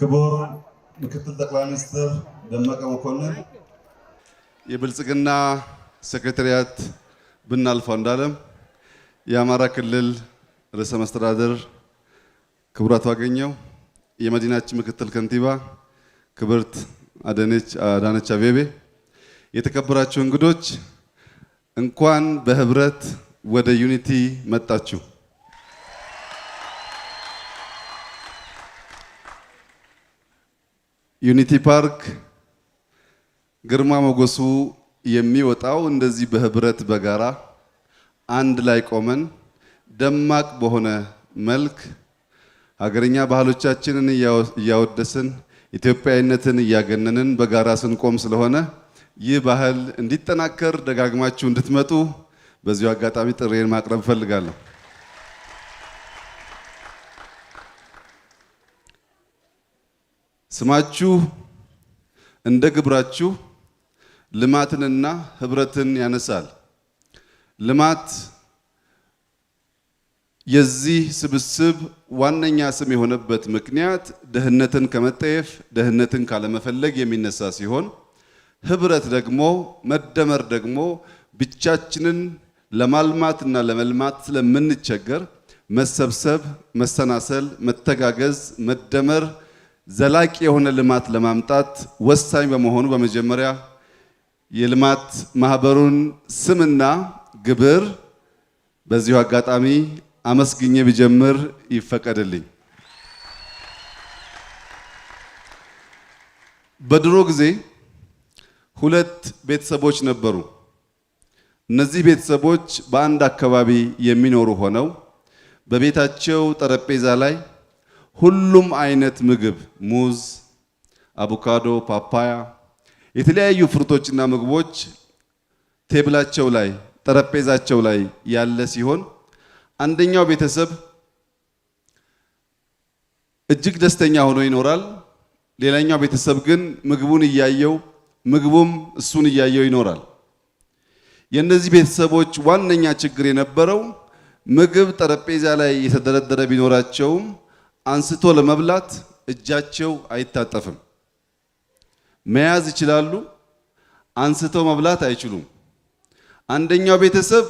ክቡር ምክትል ጠቅላይ ሚኒስትር ደመቀ መኮንን፣ የብልጽግና ሴክሬታሪያት ብናልፈው እንዳለም የአማራ ክልል ርዕሰ መስተዳደር ክቡር አቶ አገኘሁ፣ የመዲናችን ምክትል ከንቲባ ክብርት አዳነች አቤቤ፣ የተከበራችሁ እንግዶች እንኳን በህብረት ወደ ዩኒቲ መጣችሁ። ዩኒቲ ፓርክ ግርማ ሞገሱ የሚወጣው እንደዚህ በህብረት በጋራ አንድ ላይ ቆመን ደማቅ በሆነ መልክ ሀገርኛ ባህሎቻችንን እያወደስን ኢትዮጵያዊነትን እያገነንን በጋራ ስንቆም ስለሆነ ይህ ባህል እንዲጠናከር ደጋግማችሁ እንድትመጡ በዚሁ አጋጣሚ ጥሬን ማቅረብ እፈልጋለሁ። ስማችሁ እንደ ግብራችሁ ልማትንና ህብረትን ያነሳል። ልማት የዚህ ስብስብ ዋነኛ ስም የሆነበት ምክንያት ድህነትን ከመጠየፍ ድህነትን ካለመፈለግ የሚነሳ ሲሆን ህብረት ደግሞ መደመር ደግሞ ብቻችንን ለማልማትና ለመልማት ስለምንቸገር መሰብሰብ፣ መሰናሰል፣ መተጋገዝ፣ መደመር ዘላቂ የሆነ ልማት ለማምጣት ወሳኝ በመሆኑ በመጀመሪያ የልማት ማህበሩን ስምና ግብር በዚሁ አጋጣሚ አመስግኜ ቢጀምር ይፈቀድልኝ። በድሮ ጊዜ ሁለት ቤተሰቦች ነበሩ። እነዚህ ቤተሰቦች በአንድ አካባቢ የሚኖሩ ሆነው በቤታቸው ጠረጴዛ ላይ ሁሉም አይነት ምግብ ሙዝ፣ አቮካዶ፣ ፓፓያ፣ የተለያዩ ፍሩቶችና ምግቦች ቴብላቸው ላይ ጠረጴዛቸው ላይ ያለ ሲሆን አንደኛው ቤተሰብ እጅግ ደስተኛ ሆኖ ይኖራል። ሌላኛው ቤተሰብ ግን ምግቡን እያየው ምግቡም እሱን እያየው ይኖራል። የእነዚህ ቤተሰቦች ዋነኛ ችግር የነበረው ምግብ ጠረጴዛ ላይ የተደረደረ ቢኖራቸውም አንስቶ ለመብላት እጃቸው አይታጠፍም። መያዝ ይችላሉ፣ አንስተው መብላት አይችሉም። አንደኛው ቤተሰብ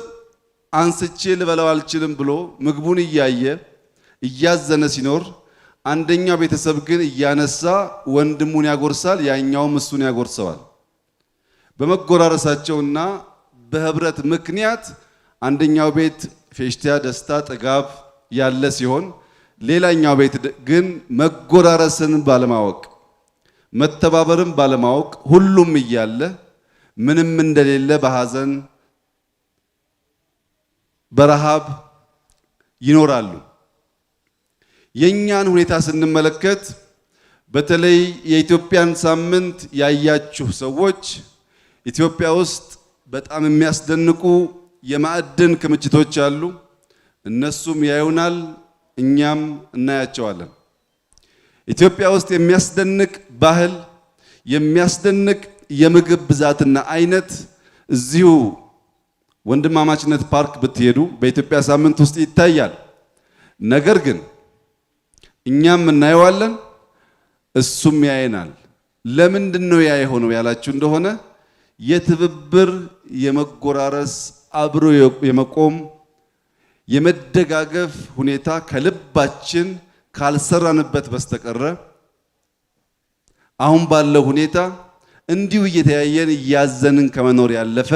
አንስቼ ልበላው አልችልም ብሎ ምግቡን እያየ እያዘነ ሲኖር፣ አንደኛው ቤተሰብ ግን እያነሳ ወንድሙን ያጎርሳል፣ ያኛውም እሱን ያጎርሰዋል። በመጎራረሳቸውና በህብረት ምክንያት አንደኛው ቤት ፌሽታ፣ ደስታ፣ ጥጋብ ያለ ሲሆን ሌላኛው ቤት ግን መጎራረስን ባለማወቅ መተባበርን ባለማወቅ ሁሉም እያለ ምንም እንደሌለ በሐዘን በረሃብ ይኖራሉ። የእኛን ሁኔታ ስንመለከት በተለይ የኢትዮጵያን ሳምንት ያያችሁ ሰዎች ኢትዮጵያ ውስጥ በጣም የሚያስደንቁ የማዕድን ክምችቶች አሉ። እነሱም ያዩናል። እኛም እናያቸዋለን። ኢትዮጵያ ውስጥ የሚያስደንቅ ባህል፣ የሚያስደንቅ የምግብ ብዛትና አይነት እዚሁ ወንድማማችነት ፓርክ ብትሄዱ በኢትዮጵያ ሳምንት ውስጥ ይታያል። ነገር ግን እኛም እናየዋለን፣ እሱም ያየናል። ለምንድን ነው ያ የሆነው ያላችሁ እንደሆነ የትብብር የመጎራረስ አብሮ የመቆም የመደጋገፍ ሁኔታ ከልባችን ካልሰራንበት በስተቀረ አሁን ባለው ሁኔታ እንዲሁ እየተያየን እያዘንን ከመኖር ያለፈ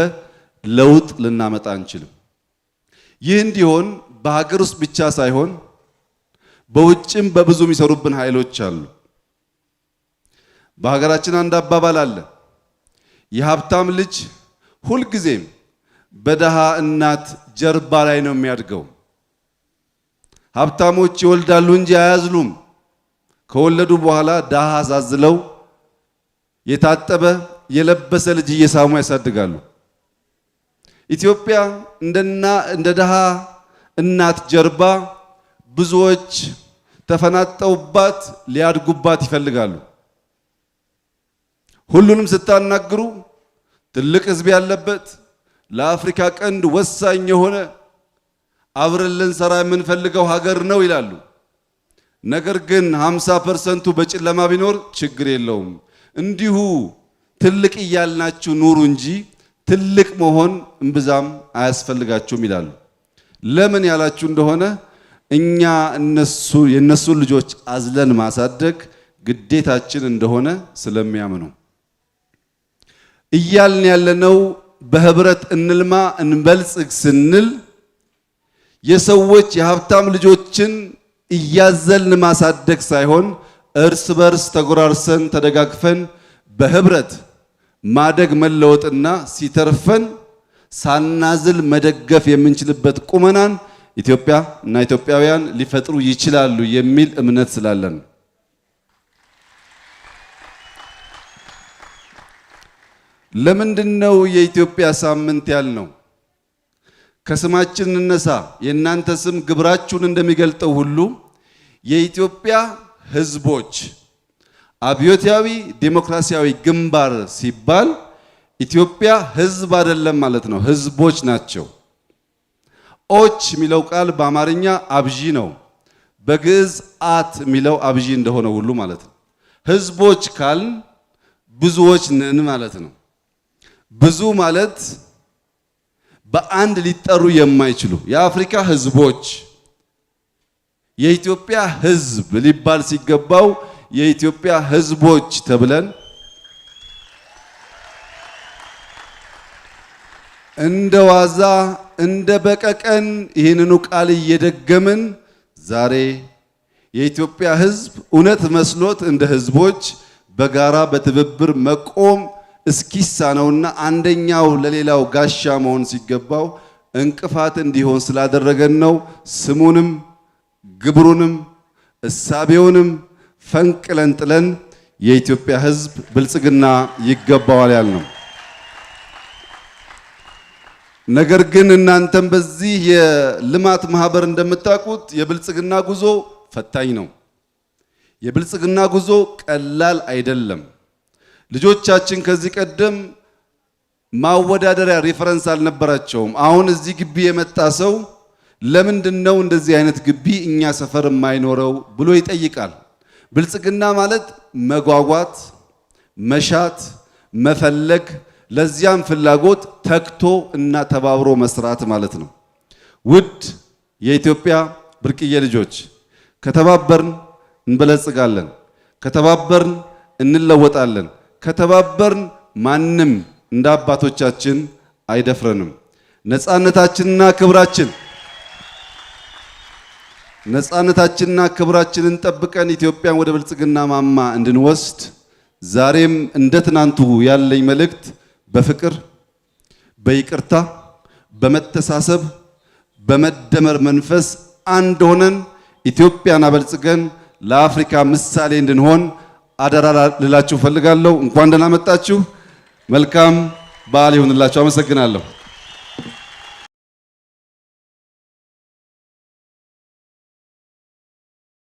ለውጥ ልናመጣ አንችልም። ይህ እንዲሆን በሀገር ውስጥ ብቻ ሳይሆን በውጭም በብዙ የሚሰሩብን ኃይሎች አሉ። በሀገራችን አንድ አባባል አለ። የሀብታም ልጅ ሁልጊዜም በደሃ እናት ጀርባ ላይ ነው የሚያድገው። ሀብታሞች ይወልዳሉ እንጂ አያዝሉም። ከወለዱ በኋላ ደሃ አዛዝለው የታጠበ የለበሰ ልጅ እየሳሙ ያሳድጋሉ። ኢትዮጵያ እንደና እንደ ደሃ እናት ጀርባ ብዙዎች ተፈናጠውባት ሊያድጉባት ይፈልጋሉ። ሁሉንም ስታናግሩ ትልቅ ህዝብ ያለበት ለአፍሪካ ቀንድ ወሳኝ የሆነ አብረን ልንሰራ የምንፈልገው ሀገር ነው ይላሉ። ነገር ግን 50 ፐርሰንቱ በጨለማ ቢኖር ችግር የለውም እንዲሁ ትልቅ እያልናችሁ ኑሩ እንጂ ትልቅ መሆን እምብዛም አያስፈልጋችሁም ይላሉ። ለምን ያላችሁ እንደሆነ እኛ እነሱ የእነሱን ልጆች አዝለን ማሳደግ ግዴታችን እንደሆነ ስለሚያምኑ እያልን ያለነው በህብረት እንልማ እንበልጽግ ስንል የሰዎች የሀብታም ልጆችን እያዘልን ማሳደግ ሳይሆን እርስ በርስ ተጎራርሰን ተደጋግፈን በህብረት ማደግ መለወጥና ሲተርፈን ሳናዝል መደገፍ የምንችልበት ቁመናን ኢትዮጵያ እና ኢትዮጵያውያን ሊፈጥሩ ይችላሉ የሚል እምነት ስላለን ለምንድን ነው የኢትዮጵያ ሳምንት ያልነው? ከስማችን እንነሳ። የእናንተ ስም ግብራችሁን እንደሚገልጠው ሁሉ የኢትዮጵያ ሕዝቦች አብዮታዊ ዴሞክራሲያዊ ግንባር ሲባል ኢትዮጵያ ሕዝብ አይደለም ማለት ነው፣ ሕዝቦች ናቸው። ኦች የሚለው ቃል በአማርኛ አብዢ ነው፣ በግዕዝ አት የሚለው አብዢ እንደሆነ ሁሉ ማለት ነው። ሕዝቦች ካልን ብዙዎች ነን ማለት ነው። ብዙ ማለት በአንድ ሊጠሩ የማይችሉ የአፍሪካ ህዝቦች የኢትዮጵያ ህዝብ ሊባል ሲገባው የኢትዮጵያ ህዝቦች ተብለን እንደ ዋዛ እንደ በቀቀን ይህንኑ ቃል እየደገምን ዛሬ የኢትዮጵያ ህዝብ እውነት መስሎት እንደ ህዝቦች በጋራ በትብብር መቆም እስኪሳነውና አንደኛው ለሌላው ጋሻ መሆን ሲገባው እንቅፋት እንዲሆን ስላደረገን ነው። ስሙንም ግብሩንም እሳቤውንም ፈንቅለን ጥለን የኢትዮጵያ ሕዝብ ብልጽግና ይገባዋል ያልነው። ነገር ግን እናንተም በዚህ የልማት ማህበር እንደምታውቁት የብልጽግና ጉዞ ፈታኝ ነው። የብልጽግና ጉዞ ቀላል አይደለም። ልጆቻችን ከዚህ ቀደም ማወዳደሪያ ሪፈረንስ አልነበራቸውም። አሁን እዚህ ግቢ የመጣ ሰው ለምንድን ነው እንደዚህ አይነት ግቢ እኛ ሰፈር የማይኖረው ብሎ ይጠይቃል። ብልጽግና ማለት መጓጓት፣ መሻት፣ መፈለግ ለዚያም ፍላጎት ተክቶ እና ተባብሮ መስራት ማለት ነው። ውድ የኢትዮጵያ ብርቅዬ ልጆች ከተባበርን እንበለጽጋለን፣ ከተባበርን እንለወጣለን። ከተባበርን ማንም እንደ አባቶቻችን አይደፍረንም። ነፃነታችንና ክብራችን ነፃነታችንና ክብራችንን ጠብቀን ኢትዮጵያን ወደ ብልጽግና ማማ እንድንወስድ ዛሬም እንደ ትናንቱ ያለኝ መልእክት በፍቅር፣ በይቅርታ፣ በመተሳሰብ፣ በመደመር መንፈስ አንድ ሆነን ኢትዮጵያን አበልጽገን ለአፍሪካ ምሳሌ እንድንሆን አደራ ልላችሁ ፈልጋለሁ። እንኳን ደህና መጣችሁ። መልካም በዓል ይሁንላችሁ። አመሰግናለሁ።